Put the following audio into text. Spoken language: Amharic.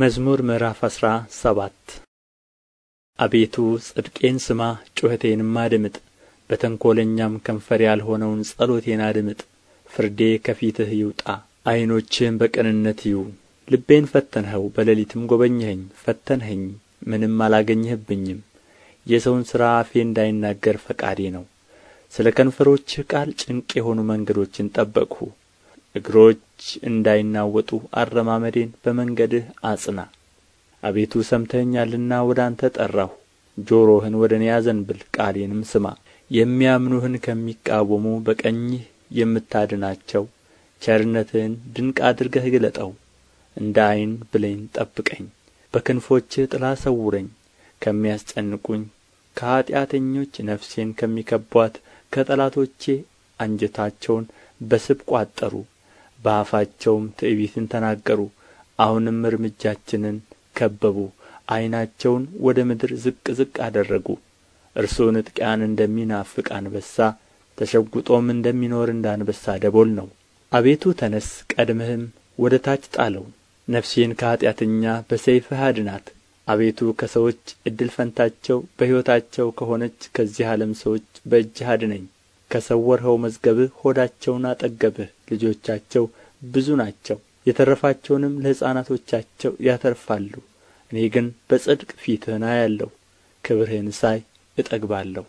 መዝሙር ምዕራፍ አስራ ሰባት አቤቱ ጽድቄን ስማ ጩኸቴንም አድምጥ፣ በተንኰለኛም ከንፈር ያልሆነውን ጸሎቴን አድምጥ። ፍርዴ ከፊትህ ይውጣ፣ ዐይኖችህም በቅንነት ይዩ። ልቤን ፈተንኸው፣ በሌሊትም ጐበኘኸኝ፣ ፈተንኸኝ፣ ምንም አላገኘህብኝም። የሰውን ሥራ አፌ እንዳይናገር ፈቃዴ ነው። ስለ ከንፈሮችህ ቃል ጭንቅ የሆኑ መንገዶችን ጠበቅሁ። እግሮች እንዳይናወጡ አረማመዴን በመንገድህ አጽና አቤቱ ሰምተኸኛልና ወደ አንተ ጠራሁ ጆሮህን ወደ እኔ አዘንብል ቃሌንም ስማ የሚያምኑህን ከሚቃወሙ በቀኝህ የምታድናቸው ቸርነትህን ድንቅ አድርገህ ግለጠው እንደ ዐይን ብሌን ጠብቀኝ በክንፎችህ ጥላ ሰውረኝ ከሚያስጨንቁኝ ከኀጢአተኞች ነፍሴን ከሚከቧት ከጠላቶቼ አንጀታቸውን በስብ ቋጠሩ በአፋቸውም ትዕቢትን ተናገሩ አሁንም እርምጃችንን ከበቡ ዓይናቸውን ወደ ምድር ዝቅ ዝቅ አደረጉ እርሱ ንጥቂያን እንደሚናፍቅ አንበሳ ተሸጕጦም እንደሚኖር እንደ አንበሳ ደቦል ነው አቤቱ ተነስ ቀድምህም ወደ ታች ጣለው ነፍሴን ከኀጢአተኛ በሰይፍህ አድናት አቤቱ ከሰዎች እድል ፈንታቸው በሕይወታቸው ከሆነች ከዚህ ዓለም ሰዎች በእጅህ አድነኝ ከሰወርኸው መዝገብህ ሆዳቸውን አጠገብህ ልጆቻቸው ብዙ ናቸው የተረፋቸውንም ለሕፃናቶቻቸው ያተርፋሉ እኔ ግን በጽድቅ ፊትህን አያለሁ ክብርህን ሳይ እጠግባለሁ